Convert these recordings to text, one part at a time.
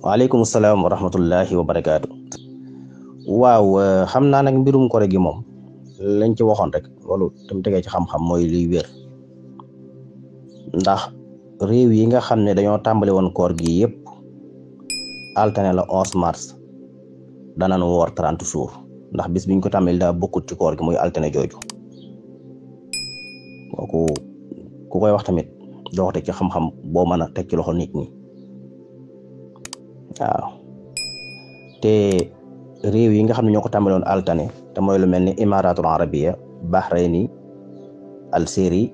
waaleykum salaam wa rahmatullahi wa barakaatu. waaw euh, xam naa nag mbirum kore gi moom lañ ci waxoon rek loolu tam tegee ci xam-xam mooy liy wér ndax réew yi nga xam ne dañoo tàmbali woon koor gi yëpp alterné la onze mars danañ woor trente jours ndax bis biñ ko tàmbali daa bokkut ci koor gi muy alterné jooju kooku ku koy wax tamit doo ko ci xam-xam boo mën a teg ci loxo waaw te réew yi nga xam ne ñoo ko tàmbaloon altane te mooy lu mel ni imaratul arabiya bahraini algérie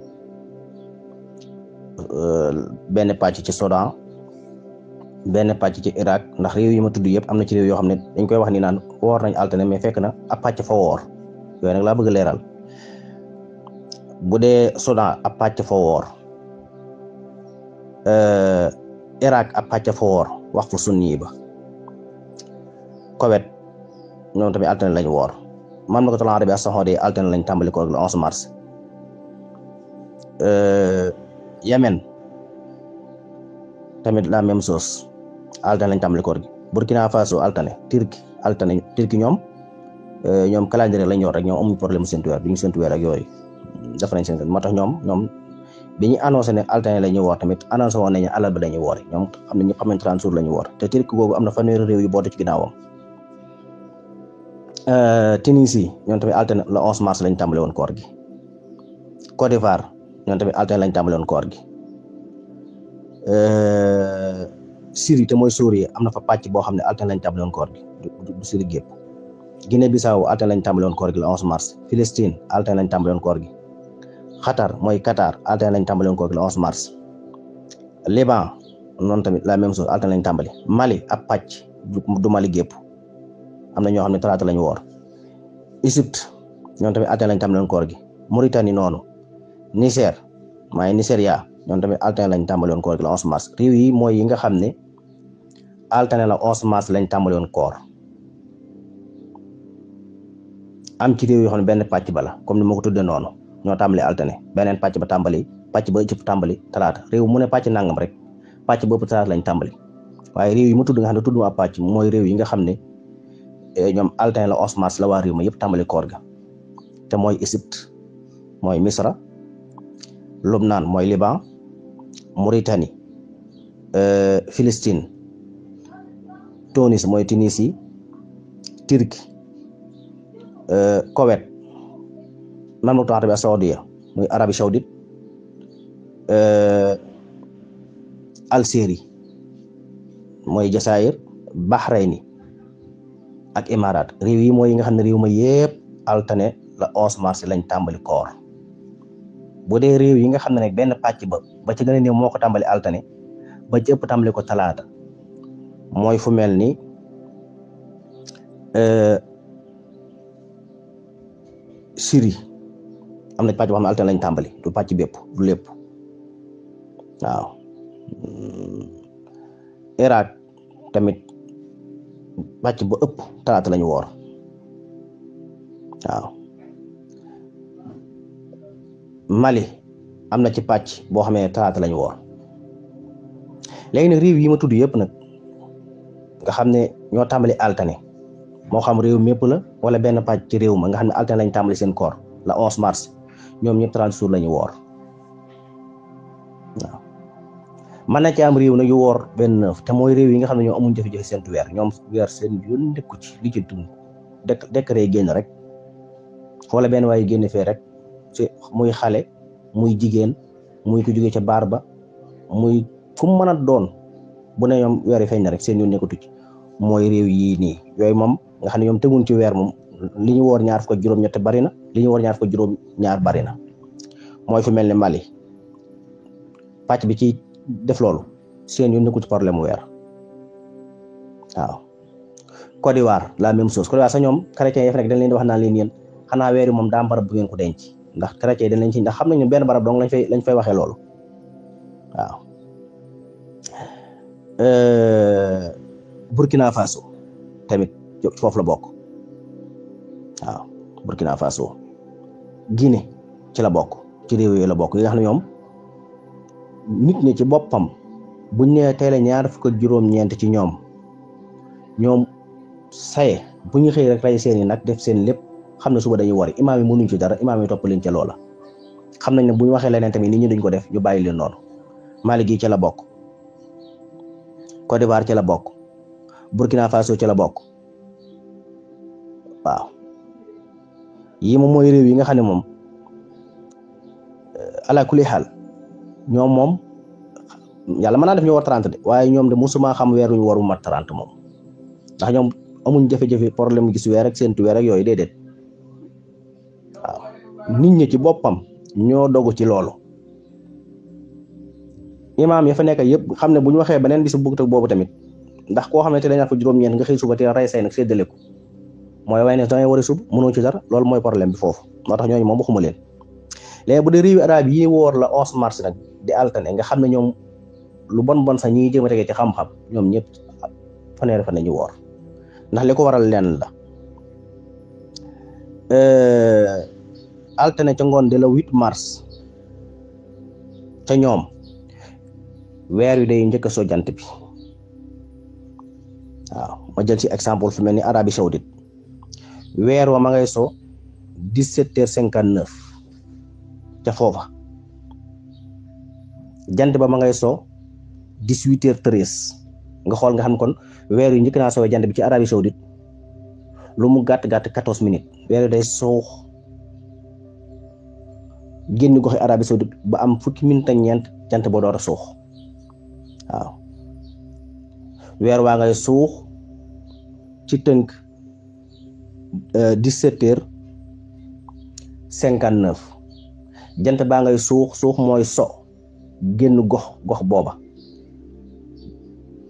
euh, benn pàcc ci Soudan benn pàcc ci Irak ndax réew yi ma tudd yëpp am na ci réew yoo xam ne dañ koy wax ni naan woor nañ altane mais fekk na ab pàcc fa woor yooyu nag laa bëgg leeral bu dee Soudan ab pàcc fa woor euh, Irak ab pàcc fa woor wax mu sunni yi ba kowet ñoom tamit altine lañ woor mamlakatul arabi as-saudi altine lañ tàmbali ko le 11 mars euh, Yemen tamit la même chose altane lañ tàmbali koor gi Burkina Faso altane Turki altane Turki ñoom euh, ñoom calendrier lañ yor rek ñoom amuñ problème mu seentu weer bi ñu seentu weer ak yooyu def nañ seen moo tax ñoom ñoom bi ñu annoncé ne altine la ñuy woor tamit annoncé woon nañu alal bi la ñuy woor ñoom xam nañu xam nañ 30 jours la ñuy woor te Turquie googu am na fanweeri réew yu boote ci ginnaawam euh, Tunisie ñoom tamit altine le 11 mars lañ tàmbale woon koor gi Côte d'Ivoire ñoom tamit altine lañ tàmbale koor gi euh, Syrie te mooy Syrie am na fa pàcc boo xam ne altine lañ tàmbale koor gi du Syrie gépp Guinée Bissau altine lañ tàmbale woon koor gi le 11 mars Palestine altine lañ koor gi Qatar moy Qatar altine lañ tàmbali ko ak le 11 mars Liban non tamit la même chose altine lañ tàmbali Mali ab patch du Mali gep amna ño ñoo xam lañ wor Égypte ñon tamit altine lañ tàmbali woon koor gi Mauritanie nonu Niger maay Nigeria ñon tamit altine lañ tàmbali woon koor gi le 11 mars réew yi moy yi nga xam ne la 11 mars lañ tàmbali woon koor am ci réew yoo xam ne benn pàcc ba comme ni moko tudde nonu ñoo tambali altane beneen pàcc ba tàmbali pàcc ba ëpp tàmbali talaata réew mu ne pàcc nangam rek pàcc ba ëpp talaata lañ tàmbali waaye réew yi mu tudd nga xam ne tudd ma pàcc mooy réew yi nga xam ne e, ñoom altane la onze mars la waa réew ma yëpp tambali koor ga te mooy Égypte mooy Misra Lubnaan mooy Liban Mauritanie Philistine e, Tunis mooy Tunisie Turquie e, Koweït mamlukatu arabia saudiya muy Arabie saoudite euh, Algérie mooy Jasaayir Bahreïn ak imarat réew yi mooy yi nga xam ne réew ma yëpp altane la onze mars lañ tàmbali koor bu dee réew yi nga xam ne nag benn pàcc ba ba ci gën a moo ko tàmbali altane ba ci ëpp ko talaata mooy fu mel ni euh, Syrie am na pàcc boo xam ne tàmbali du pàcc bépp du lépp mm. tamit pàcc ba ëpp talaata lañu woor waaw Mali am na ci pàcc boo xam ne talaata lañu woor léegi nag réew yi ma tudd yëpp nag nga xam ne ñoo tàmbali altane moo xam réew mépp la wala benn pàcc ci réew ma nga xam ne altane lañ tàmbali seen koor la 11 mars ñoom ñëpp 30 jours la ñu woor waaw am réew nag yu woor benn mooy réew yi nga xam ne ñoom amuñ jafe-jafe seen weer ñoom weer seen yoon nekku ci li ci dugg dëkk décret génn rek wala benn waaye génn fee rek ci muy xale muy jigéen muy ku jóge ca baar ba muy fu mu mën a doon bu ne ñoom weer yi feeñ na rek seen yoon nekkatu ci mooy réew yii nii yooyu moom nga xam ne ñoom teguñ ci weer moom li ñu woor ñaar fukk ak juróom-ñett bari na. li ñu war ñaar fukk juróom ñaar bari na mooy fu mel ne Mali pàcc bi ci def loolu seen yoon nekkul ci problème mu weer waaw Côte waar la même chose Côte d'Ivoire sax ñoom chrétiens yi fa nekk dañ leen di wax naan leen yéen xanaa weer yi moom daa am bu ngeen ko denc ndax chrétiens yi dañ ci ndax xam nañu benn barab dong lañ fay lañ fay waxee loolu waaw euh, Burkina Faso tamit foofu la bokk waaw Burkina Faso. giine ci la bokk ci réew yooyu la bokk yi nga na ñoom nit ñi ci boppam buñ nee teelee la ñaar fukk ak juróom-ñeent ci ñoom ñoom saye bu ñu xëy rek rey seen yi nag def seen lépp xam na suba dañuy wari imaam yi mënuñ ci dara imaam yi topp leen ca loola xam nañ ne bu ñu waxee leneen tamit ni ñu duñ ko def ñu bàyyi leen noonu Mali gi ci la bokk Côte d'Ivoire ci la bokk Burkina Faso ci la bokk waaw yi mom moy rew yi nga xamne mom euh, ala kulli hal ñom mom yalla mën naa def ñu war 30 de waye ñom de musuma xam wër ñu waru mat 30 mom ndax ñom amuñ jafé jafé problème gis wër ak séntu wër ak yoy dedet nit ñi ci bopam ño dogu ci lolu imam ya fa nek yeb xamne buñ waxe benen bisu beneen bis bobu tamit ndax ko xamne ne te dañu fa juroom ñen nga xey suba te ray say nak séddale ko mooy way ne dangay war a sub mënoo ci dara loolu mooy problème bi foofu moo tax ñooñu moom waxuma leen léegi bu dee réewi arab yi woor la onze mars nag di altane nga xam ne ñoom lu bon bon sax ñi jéem a tegee ci xam-xam ñoom ñëpp fanweeri fan woor ndax li ko waral leen la euh, altane ca ngoon di la huit mars ca ñoom weer wi day njëkk a soo jant bi waaw ma jël ci exemple fi mel ni Arabie Saoudite weer wa ma ngay so dix sept heures cinquante neuf ca foofa jant ba ma ngay so dix huit heures nga xool nga xam kon weer yu njëkk naa sowee jant bi ci Arabie Saoudite lu mu gàtt gàtt quatorze minutes weer yu day soow génn goxi Arabie Saoudite ba am fukki minute ak ñeent jant boo door a suux waaw weer waa ngay suux ci tënk Euh, dix-sept heures cinquante neuf jant baa ngay suux suux mooy so génn gox gox booba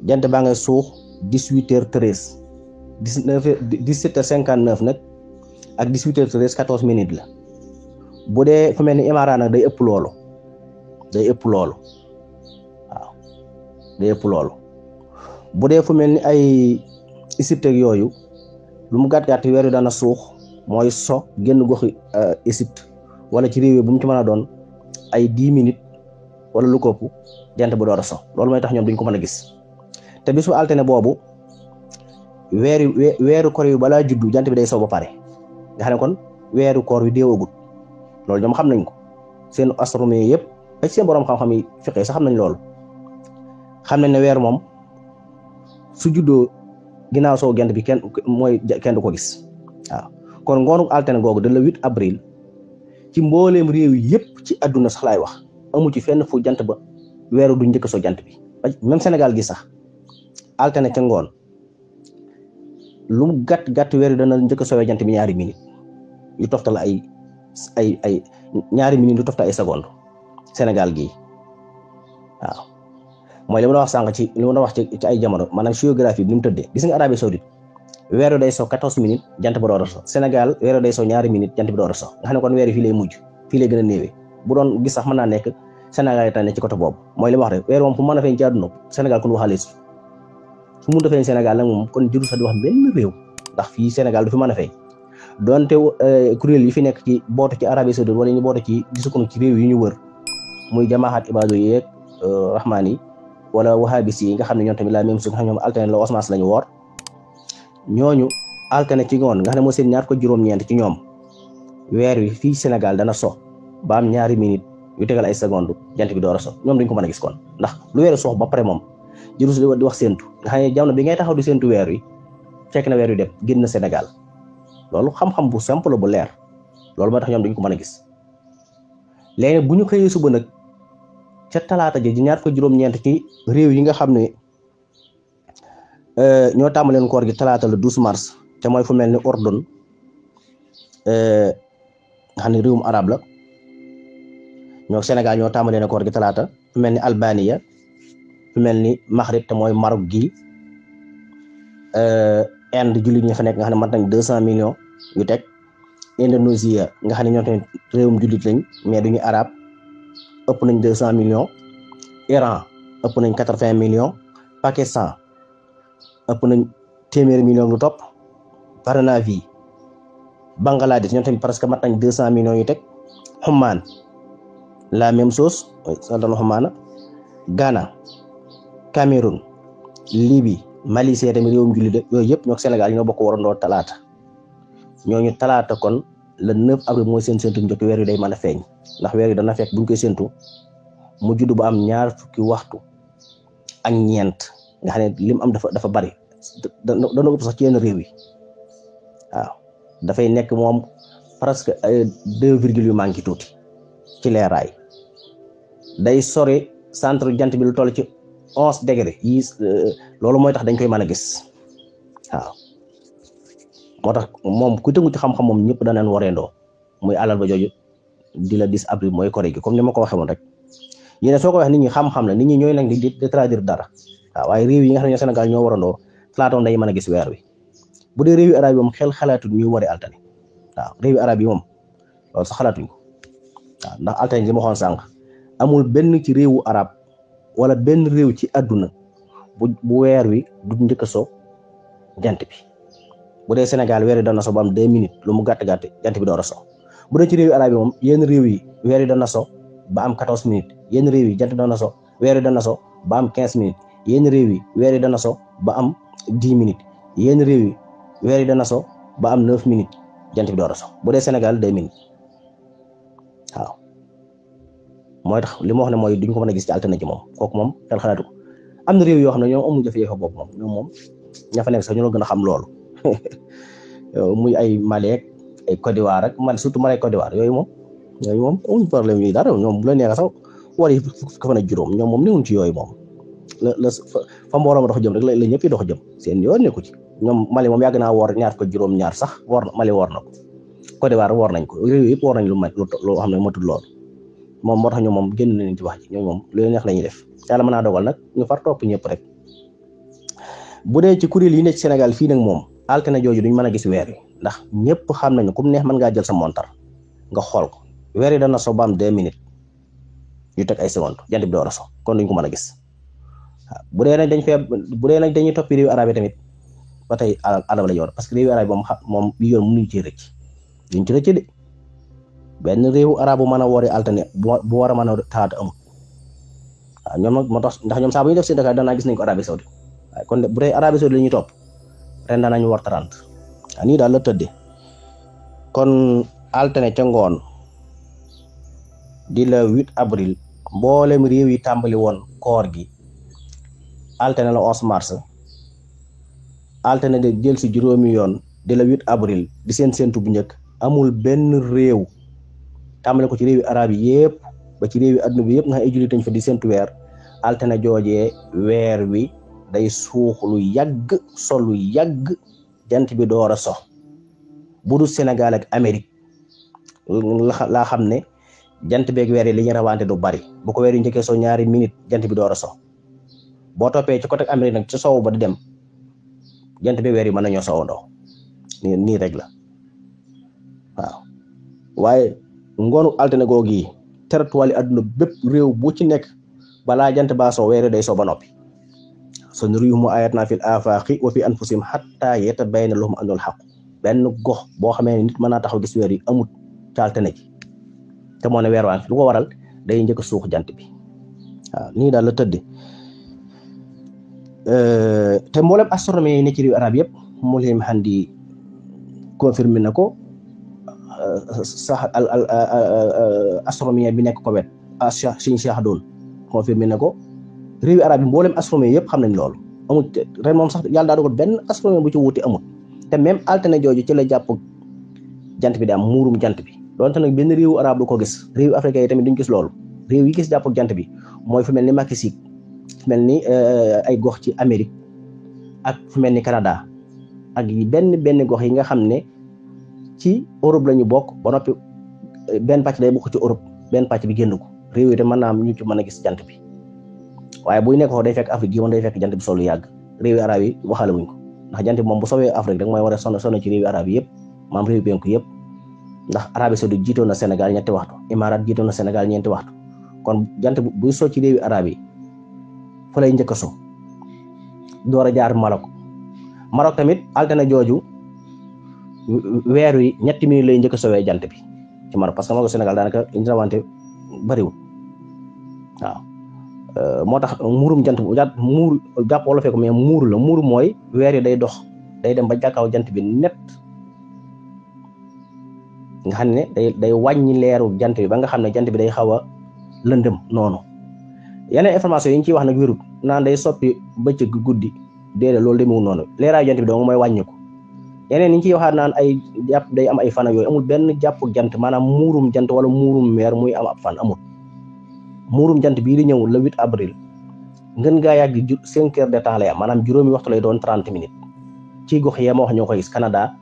jant baa ngay suux dix-huit heures treize dix-neuf cinquante neuf nag ak dix-huit heures treize quatorze minutes la bu dee fu mel ni Imara day ëpp loolu day ëpp loolu waaw day ëpp loolu bu dee fu mel ni ay Égypte yooyu lu mu gàtt gàtt wéru dana suux moy so genn goxi euh, Égypte wala ci réew bu mu ci mëna doon ay 10 minutes wala lu kopp jant bu doora so lolou mooy tax ñom duñ ko mëna gis té bisu alterné bobu wéru wéru koor yu bala juddu jant bi day so ba pare nga xam kon wéru koor yu deewagut lolou ñom xam nañ ko seen astronome yépp ak seen borom xam-xam yi fiqee sax xam nañ lolou xam nañ né weer mom su juddoo ginnaaw soo gent bi kenn mooy kenn du ko gis waaw kon ngoonu altine googu dala le huit avril ci mbooleem réew yi yëpp ci àdduna sax laay wax amu ci fenn fu jant ba weeru du njëkk soo jant bi même senegal gi sax altine ca ngoon lu gàtt gàtt weeru dana njëkk soowee jant bi ñaari minute yu toftal ay ay ay ñaari minute yu toftal ay seconde senegal gii waaw mooy li ma la wax sànq ci li ma la wax ci ay jamono maanaam géographie bi ni mu tëddee gis nga Arabie Saoudite weer wi day so quatorze minutes jant bi door so Sénégal weer wi day so ñaari minutes jant bi door so nga xam ne kon weer wi fii lay mujj fii lay gën a néewee sax mën naa nekk Sénégal yi tànn ci côté boobu mooy li ma wax rek weer moom fu mën a feeñ ci àdduna Sénégal kon waxaale si su mënut a feeñ Sénégal nag moom kon jëru sax di wax benn réew ndax fii Sénégal du fi man a feeñ donte euh, kuréel yi fi nekk ci bootu ci Arabie Saoudite wala ñu bootu ci gisukon ci réew yi ñu wër muy jamaaxaat ibaadu yeeg euh, rahmaan yi wala wahabis yi nga xam ne ñoom tamit la même chose nga xam ne ñoom altine la osmaas lañu woor ñooñu altine ci ngoon nga xam ne moo seen ñaar ko juróom-ñeent ci ñoom weer wi fii Sénégal dana so ba am ñaari minute yu tegal ay seconde jant bi door so ñoom duñ ko mën a gis kon lu weer sox ba pare moom jërus di wax séentu nga xam ne jamono bi ngay taxaw di séentu weer wi fekk na weer wi dem génn Sénégal loolu xam-xam bu simple bu leer loolu moo tax ñoom duñ ko mën a gis léegi bu ñu xëyee suba nag ca talaata ji ñaar ko juróom-ñeent ci réew yi nga xam ne euh, ñoo tàmbaleen koor gi talaata le 12 mars te mooy fu mel ni ordon euh, nga xam ne mu arab la ñoo Sénégal ñoo tàmbaleen koor gi talaata fu mel ni Albania fu mel ni Maghrib te mooy Maroc gi euh, Inde jullit ñi fa nekk nga xam ne mat nañ deux cent millions yu teg Indonésie nga xam ne ñoo tamit réewum jullit lañ mais duñu arab ëpp nañ deux cent millions Iran ëpp nañ quatre vingt millions Pakistan ëpp nañ téeméeri millions lu topp Barnavi Bangladesh ñoom tamit presque mat nañ deux cent millions yu la même chose soldan Oman Ghana Cameroun Libye Mali see tamit réewum jullit yooyu yëpp ñoo Sénégal ñoo bokk warandoo talaata ñooñu talaata kon le 9 avril mooy seen séntu njot weer wi day mën a feeñ ndax weer wi dana fekk buñ koy séntu mu judd ba am ñaar fukki waxtu ak ñeent nga xam ne lim am dafa dafa bari dana ëpp sax ci yenn réew yi waaw dafay nekk moom presque euh, deux virgule yu manqué tuuti ci leeraay day sori centre jant bi lu toll ci onze degré yi euh, loolu mooy tax dañ koy mën a gis waaw moo tax moom ku tëngu ci xam-xam moom ñëpp danaan wareendoo muy alal ba jooju di la dis abri mooy koré gi comme ni ma ko waxee woon rek yéen soo ko wax nit ñi xam-xam la nit ñi ñooy nag di di dara waaw waaye réew yi nga xam ne Sénégal ñoo warandoo xalaatoon dañuy mën a gis weer wi bu dee réew yi xel xalaatul ñuy waree altani waaw réew yi arab yi moom loolu xalaatuñ ko ndax altani li ma waxoon sànq amul benn ci réewu arab wala benn réew ci àdduna bu weer wi du njëkk a jant bi bu dee Sénégal weer yi dana ba am deux minutes lu mu gàtt-gàtt jant bi door a so bu dee ci réew yi arab moom yenn réew yi weer yi dana so ba am quatorze minutes yenn réew yi jant bi dana so weer yi dana so ba am quinze yenn réew yi weer dana so ba am dix minutes yenn réew yi weer yi dana so ba am neuf minutes jant bi a so bu dee Sénégal deux minutes waaw mooy tax li ma wax ne mooy duñ ko mën a gis ci na ci moom kooku moom xel xalaatu am na réew yoo xam ne ñoom amuñu jafe-jafe boobu moom ñoom moom ña fa nekk sax ñu la gën a xam loolu muy ay Mali ak ay Côte waar rek man surtout man ay Côte d'Ivoire yooyu moom yooyu moom amuñ problème yi dara ñoom bu la neexee sax war yi fukki juróom ñoom moom newuñ ci yooyu moom la la fa mu waroon la la ñëpp yi dox seen yoon nekku ci ñoom Mali moom yàgg naa woor ñaar ko juróom ñaar sax Mali woor na ko Côte d'Ivoire woor nañ ko yëpp woor nañ lu mat loo xam ne matul lool moom moo tax ñoom moom génn nañ ci wax ji ñoom moom lu leen la ñuy def yàlla mën naa dogal nag ñu far topp ñëpp rek bu dee ci kuréel yi ne Sénégal fii nag moom altine joju duñ mëna gis wër yi ndax ñepp xam nañu kum neex mën ngaa jël sa montar nga xol ko wër yi dana so bam 2 minutes ñu tek ay seconde jandib do raso kon duñ ko mëna gis bu dee nañ dañ fee bu dee nañ dañuy topi rew arabé tamit batay tey adab la yor parce que rew arabé yi mom bi yor mënuñ ci rëcc ñu ci rëcc de ben rew arabu mëna mën a bu wara mëna mën am ñom nak motax ndax ñom sa bu ñu def ci Dakar dana gis nañ ko arabé saoudi kon bu dee arabé saoudi lañuy top ren danañu war 30 ah, nii daal la tëddee kon altine ca ngoon di la 8 avril mboolem réew yi tàmbali woon koor gi altine la 11 mars altine de jël si juróomi yoon di la 8 avril di seen séntu bu njëkk amul benn réew tàmbale ko ci réewi arab yi yëpp ba ci réewi adduna bi yëpp nga xam ay jullit dañ fa di séntu weer altine jooje weer wi day suux lu yàgg sol yàgg jant bi door a so bu dul Sénégal ak Amérique laa xam ne jant beeg weer yi li ñu du bari bu ko weeri yu njëkkee ñaari minute jant bi door a so boo toppee ci côté Amérique nag ci sow ba di dem jant beeg weer yi mën nañoo sowandoo nii nii rek la waaw waaye ngoonu altine googu te territoire yi àdduna bépp réew bu ci nekk balaa jant baa so weer day so ba noppi. sanurihim ayatina fil afaqi wa fi anfusihim hatta yatabayyana lahum annahu al-haqq benn gox boo xamee ne nit mën naa taxaw gis weer yi amut caalte na ci te moo weer waa lu ko waral day njëkk a suux jant bi waaw nii daal la tëdde te mboolem astronomie yi ne ci réew arab yëpp Mulhim Handi confirmé na ko sax astronomie bi nekk ko wet ah Cheikh Cheikh doon confirmé na ko réewi arab yi mbolem astronomie yépp xam nañ loolu amul ren moom sax yàlla daa dogal benn astronomie bu ci wuute amul te même altine jooju ci la jàpp jant bi di am muurum jant bi donte nag benn réewu arab du ko gis réewu africain yi tamit duñ gis loolu réew yi gis jàpp jant bi mooy fu mel ni Mexique fu mel ni euh, ay gox ci Amérique ak fu mel ni Canada ak benn benn gox yi nga xam ne ci Europe lañu ñu bokk ba noppi euh, benn pàcc day bokk ci Europe benn pàcc bi génn ko réew yi te mën naa am ñu ci mën a gis jant bi waaye buy nekk foofu day fekk Afrique yi moom day fekk jant bi solu yàgg réewi arab yi waxaale wuñ ko ndax jant bi moom bu sowee Afrique rek mooy war a sonn sonn ci réewi yëpp maam réewi penku yëpp ndax Arabie Saoudite jiitoon na Sénégal ñetti waxtu Émirats jiitoon na Sénégal ñeenti waxtu kon jant buy soo ci réewi arab yi njëkk a so a jaar Maroc Maroc tamit altine jooju weer wi ñetti minutes lay njëkk a jant bi ci Maroc parce que Maroc Sénégal bariwul waaw Euh, moo tax muurum jant muur jàpp mais muur la muur mooy weer yi day dox day dem ba jàkkaaw jant bi net nga xam ne day day wàññi leeru jant bi ba nga xam ne jant bi day xaw a lëndëm noonu yeneen information yi ñu ciy wax nag wérut naan day soppi bëccëg guddi déedéet loolu demewul noonu leeraayu jant bi dong mooy wàññiku yeneen yi ñu ciy waxaat naan ay jàpp day am ay fan ak yooyu amul benn jàpp jant maanaam muurum jant wala muurum weer muy am ab fan murum jant bi di ñew le 8 avril ngeen gaay ak di cinq heures de temps lay am maanaam juróomi waxtu lay doon 30 minutes ci gox yee ya ma wax ñoo koy gis Canada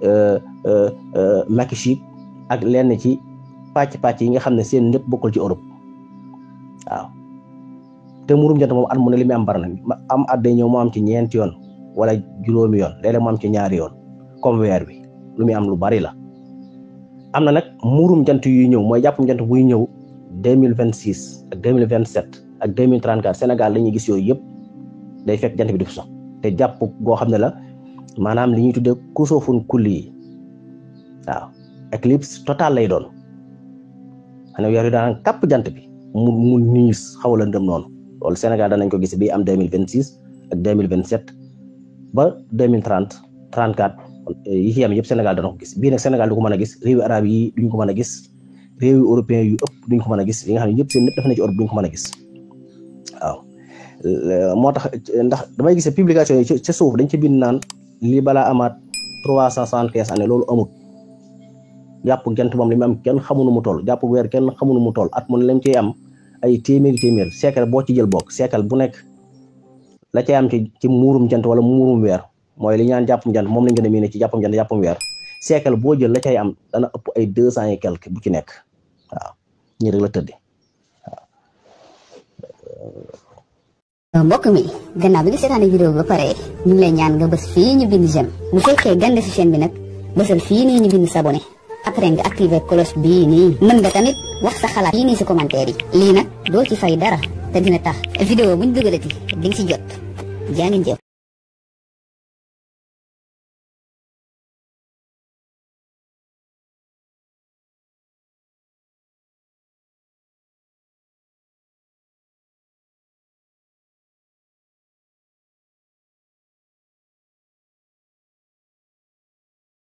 euh, euh, euh makishi ak lenn ci pàcc-pàcc yi nga xamne seen lépp bokul ci Europe waaw te murum jant mom at mu ne limi am barna am at day ñew mo am ci ñent yoon wala juroomi yoon léeg-léeg mu am ci ñaar yoon comme wer bi lu muy am lu bari la amna nak murum jant yu ñew moy japp jant bu ñew 2026 ak 2027 ak 2034 Sénégal la ñuy gis yoy yépp day fekk jant bi du fi sox te japp go xamné la manam li ñuy tuddee kulli waaw éclipse total lay doon ana weer daan kap jant bi mu mu niis xaw la ndëm noonu Sénégal danañ ko gis bi am 2026 ak 2027 ba 2030 34 yi ci yépp Sénégal dana ko gis bi nak Sénégal du ko mëna gis réew arab yi duñ ko mëna gis réew yu européen yu ëpp duñ ko mën a gis yi nga xam ne yëpp seen lépp dafa ne ci Europe a gis moo tax ndax damay gis publication yi ca suuf dañ ci bind naan lii balaa amaat trois cent soixante-quinze année loolu amut jàpp gent moom li mu am kenn xamunu mu toll jàpp weer kenn xamunu mu toll at mu ne lañ cey am ay téeméeri téeméer boo ci jël bokk seekal bu nekk la cay am ci ci muurum jant wala muurum weer mooy li ñaan jàppum jant moom lañ gën a miine ci jàppum jant jàppum weer seekal boo jël la cay am dana ëpp ay deux cent et quelque bu ci nekk waaw ah, ah. rek ah, la mbokk mi gannaaw bi nga seetaanee vidéo ba pare ñu ngi lay ñaan nga bës fii ñu bind j'aime bu fekkee gande si chaîne bi nag bësal fii nii ñu bind s'abonner après nga activer cloche bii nii mën nga tamit wax sa xalaat nii si commentaire yi lii nag doo ci fay dara te dina tax vidéo buñ dugalati di nga si jot jaa ngeen jëf